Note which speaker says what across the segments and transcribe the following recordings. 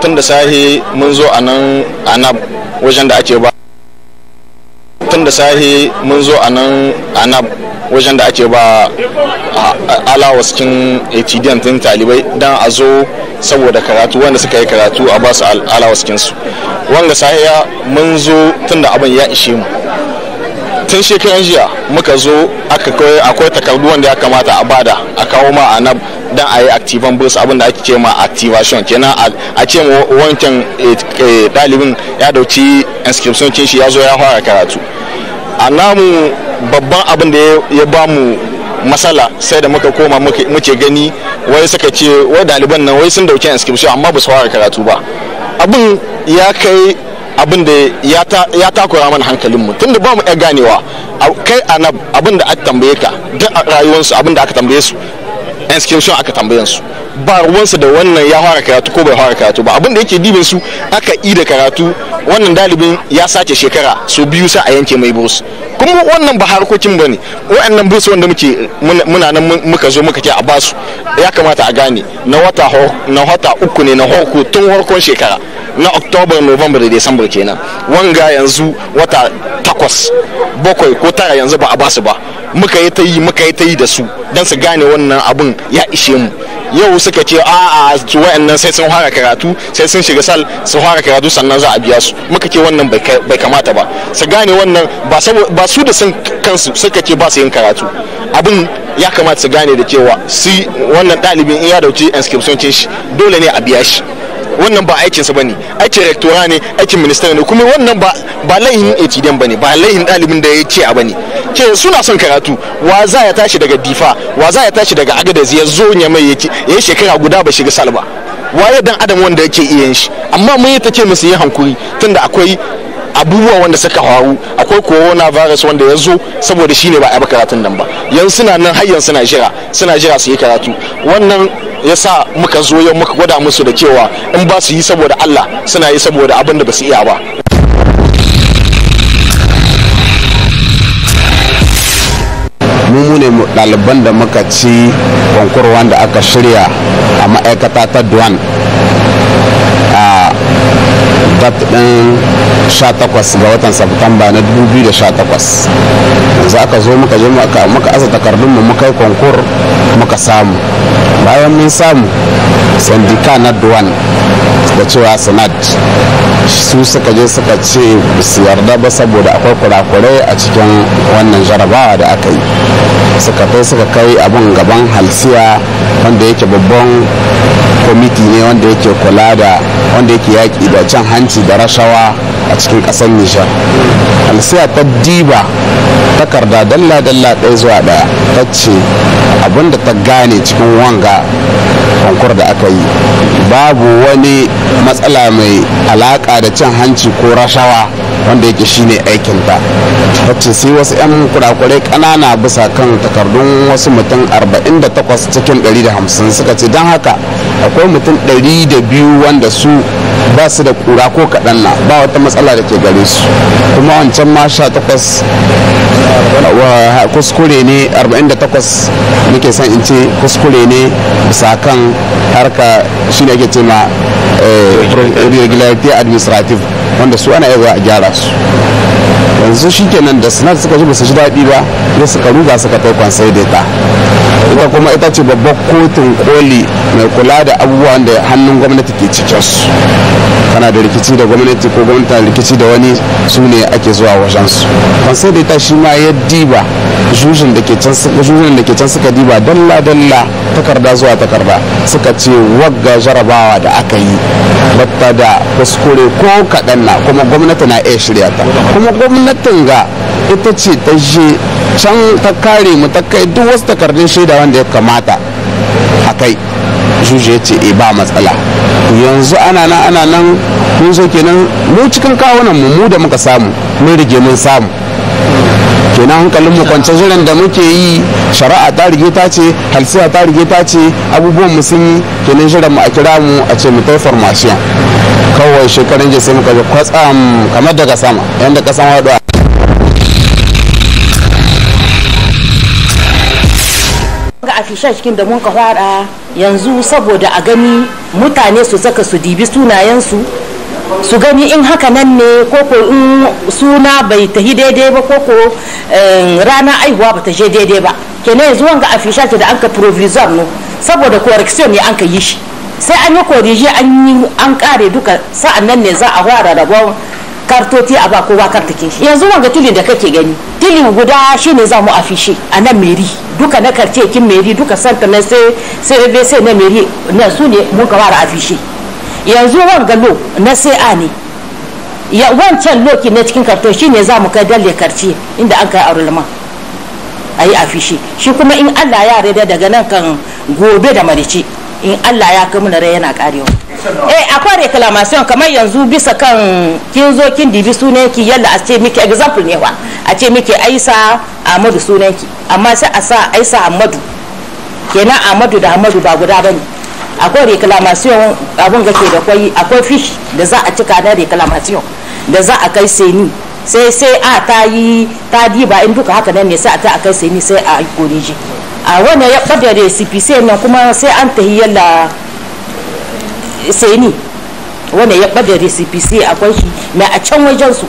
Speaker 1: tun da sahi mun zo a nan anab wajen da ake ba tun da sahi mun zo a nan anab wajen da ake ba din talibai don a zo saboda karatu wanda suka yi karatu a ba su alawaskinsu wanga sahiya mun zo tun da abin ya ishe mu tun shekaran jiya muka zo aka kawai akwai takardu wanda ya kamata a bada a kawo ma a nan dan a yi activan bus abin da ake ce ma activation kenan a ce ma wancan dalibin eh, eh, ya dauki inscription kin shi ya zo ya fara karatu a namu babban abin da ya ba mu matsala sai da muka koma muke gani wai suka ce wai daliban nan wai sun dauki inscription amma ba su fara karatu ba abin ya kai abin da ya takura mana hankalinmu da ba mu iya ganewa kai anab abin da aka tambaye ka duk rayuwarsu abin da aka tambaye su inscription aka tambaye su ba ruwansu da wannan ya fara karatu ko bai fara karatu ba abin da yake dibin su aka yi da karatu wannan dalibin ya sace shekara so biyu sa a yanke mai burs kuma wannan ba harkokin ba ne wa'annan burs wanda muke muna nan muka zo muka ce a basu ya kamata a gane na wata uku ne na horko tun horkon shekara na oktoba november da december kenan wanga yanzu wata takwas bakwai ko tara yanzu ba a basu ba muka yi ta yi muka yi ta yi da su don su gane wannan abin ya ishe mu yau suka ce a a wayannan sai sun fara karatu sai sun shiga sal sun fara karatu sannan za a biya su muka ce wannan bai kamata ba su gane wannan ba su da sun kansu suka ce ba su yin karatu abin ya kamata su gane da cewa su wannan ɗalibin in ya dauce inscription shi dole ne a biya shi wannan ba aikinsa ba ne aikin rektora ne aikin minista ne kuma wannan ba laihin etidiyan ba ne ba laihin ɗalibin da ya ce a ba ne ke suna son karatu wa za ya tashi daga difa wa za ya tashi daga agadez ya zo ya mai ya shekara guda ba shiga salba waye dan adam wanda yake iya shi amma mun yi ta ce musu yi hankuri tunda akwai abubuwa wanda suka faru akwai virus wanda ya zo saboda shine ba a yi karatun nan ba yanzu suna nan har yanzu suna jira suna jira su yi karatu wannan ya sa muka zo yau muka gwada musu da cewa in ba su yi saboda Allah suna yi saboda abin da ba su iya ba
Speaker 2: mu ne ɗaliban da muka ci konkurwan da aka shirya a ma'aikata ta duwan vat ɗin 18 ga watan Satumba na 2018 yanzu aka zo muka je muka aza takardunmu muka yi konkur muka samu bayan mun samu sandika na duwan da cewa sanad su suka je suka ce su yarda ba saboda akwai kurakurai a cikin wannan jarabawa da aka yi suka kai suka kai abin gaban halsiya wanda yake babban kwamiti ne wanda yake kula da wanda yake yaƙi da cin hanci da rashawa a cikin ƙasar nishar alsiya ta diba takarda dalla-dalla ɗaya zuwa ɗaya ta ce abinda ta gane cikin wanga kwankwar da aka yi babu wani matsala mai alaƙa da cin hanci ko rashawa wanda yake shine aikin ta wacce sai wasu 'yan kurakurai kanana bisa kan takardun wasu mutum 48 cikin 150 suka ce don haka akwai mutum 200 wanda su ba su da kura ko kaɗan na ba wata matsala da ke gare su kuma wancan ma 18 kuskure ne 48 muke son in ce kuskure ne bisa kan harka shi ne ake ce ma eh, regularity administrative wanda su ana yawa a gyara su yanzu shi kenan da sinat suka ji basu ji daɗi ba ya suka ruga suka kai kwansai ta ita kuma ita ce babbar kotun koli mai kula da abubuwan da hannun gwamnati ke cikin su kana da rikici da gwamnati ko gwamnati rikici da wani su ne ake zuwa wajen su sai da ita shi ma ya diba jujin da ke can da ke can suka diba dalla dalla takarda zuwa takarda suka ce wagga jarabawa da aka yi batta da kuskure ko kaɗan na kuma gwamnati na iya shirya ta kuma gwamnatin ga ita ce ta je can ta kare mu ta kai duk wasu takardun shaida wanda ya kamata a kai juje ce eh, ba matsala yanzu ana nan ana nan mun zo kenan mu cikin kawunan mu mu da muka samu mun rige mun samu kenan hankalin mu kwance jiran da muke yi shari'a ta rige ta ce halsiya ta rige ta ce abubuwan mu sun yi kenan jiran mu a kira mu a ce mu formation kawai shekarun jiya muka ga kwatsam kamar daga sama yadda kasan waduwa
Speaker 3: ga cikin da mun ka fara yanzu saboda a gani mutane su saka su dibi sunayensu su gani in haka nan ne ko ko in suna bai tafi daidai ba ko ko eh, rana aihuwa ba ta je daidai ba kenan yanzu wanga a ce da anka provisor no saboda correction ne anka yi shi sai an yi korije an yi an kare duka sa'an nan ne za a fara rabon kartoti a ba kowa kartakin shi yanzu wanga tulin da kake gani tuli guda shine za mu afishe a nan meri duka na karce kin meri duka santa na sai sai na meri na su ne mun muka fara afishe yanzu wanga lo na sai a ne ya wancan loki na cikin karto shi ne za mu kai dalle karci inda an kai a rulma a yi afishi shi kuma in allah ya rida daga nan kan gobe da marici in allah ya kai munare yana karewa eh akwai reclamation kamar yanzu bisa kan kin zo kin dibi sunanki yalla a ce miki example ne wa a ce miki aisa amadu sunanki amma sai a sa aisa amadu kenan amadu da amadu ba guda bane akwai reclamation abin ke da kwai akwai fish da za a cika na reclamation da za a kai seni sai sai a ta yi ta diba in duka haka nan ne sai a ta a kai seni sai a yi a wannan ya da recipe sai nan kuma sai an ta yalla seni wannan ya da recipe sai akwai shi mai a can wajen su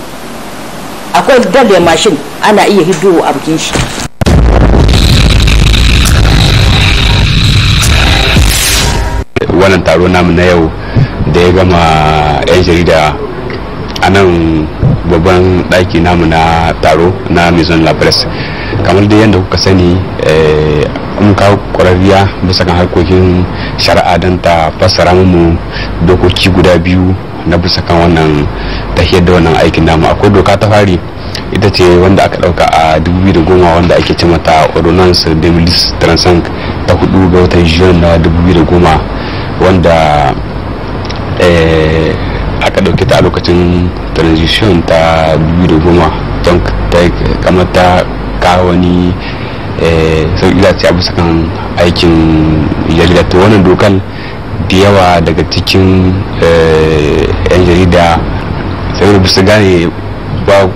Speaker 3: akwai dole mashin ana iya hiddo a bikin shi
Speaker 4: wannan taro namu na yau da ya gama 'yan jarida a nan babban ɗaki namu na taro na maison la presse kamar dai yadda kuka sani eh, mun kawo ƙwararriya bisa kan harkokin shari'a don ta fassara mu dokoki guda biyu na bisa kan wannan tafiyar da wannan aikin namu akwai doka ta fari ita ce wanda aka dauka a 2010 wanda ake ce mata ordonance 2035 ta hudu ga watan juin na 2010 wanda eh, aka ɗauki ta a lokacin transition ta goma don ta kamar ta kawo wani eh, sauƙi za ta bisa kan aikin jarida to wannan dokan da yawa daga cikin eh, 'yan jarida saboda bisa gane ba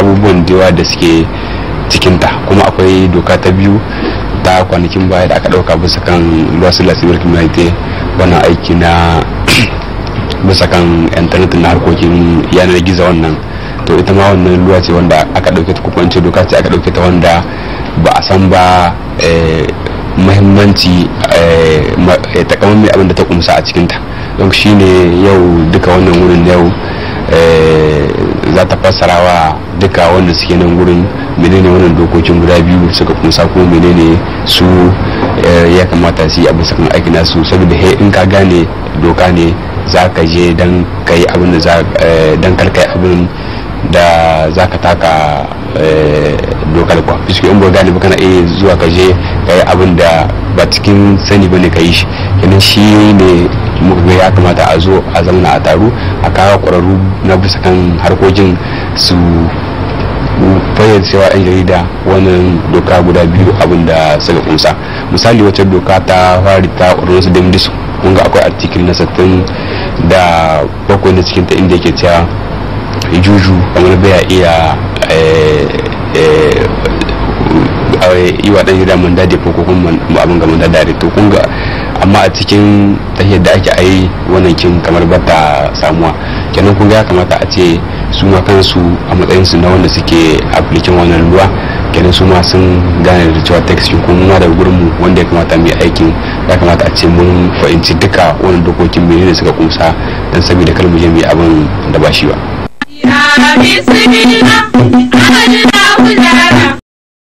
Speaker 4: abubuwan da yawa da suke cikinta kuma akwai doka ta biyu ta kwanakin baya da aka dauka bisa kan luwasu lasibar kimanite wannan aiki na bisa kan intanet na harkokin yanar gizo wannan to ita ma wannan luwa ce wanda aka dauke ta kukunci doka ce aka dauke ta wanda ba a san ba eh, mahimmanci eh, eh, mai abin da ta kumsa a cikinta don shi ne yau duka wannan wurin yau za ta fassara wa duka wanda suke nan gurin menene wannan dokokin guda biyu suka kunsa ko menene su eh, ya kamata su yi abin su kan aiki su saboda he in ka gane doka ne za ka je don ka yi abin da za eh, don kar ka yi abin da za ka taka eh, dokar kwa fiske in ba gane ba kana iya zuwa ka je ka yi abin da ba cikin sani ba ne ka yi shi kenan shi ne ya kamata a zo a zamana a taru a kawo ƙwararru na bisa kan harkokin su fayyacewa 'yan jarida wannan doka guda biyu abin da suka kunsa misali wata doka ta fari ta ordinance dem disu kun akwai artikil na sattin da bakwai na cikin ta inda yake cewa juju kamar baya iya eh, eh, yi wa ɗan gida mun dade ko kuma abin ga mun dade to kun ga amma a cikin tahiyar da ake ayi wannan kin kamar bata samuwa kenan kun ga ya kamata a ce su ma kansu a matsayin su na wanda suke aplikin wannan ruwa kenan su ma sun gane da cewa tax shi kuma ma daga gurin mu wanda ya kamata mu yi aikin ya kamata a ce mun fahimci duka wannan dokokin mene ne suka kusa dan saboda kar mu je mu yi abin da ba shi ba.
Speaker 3: Ya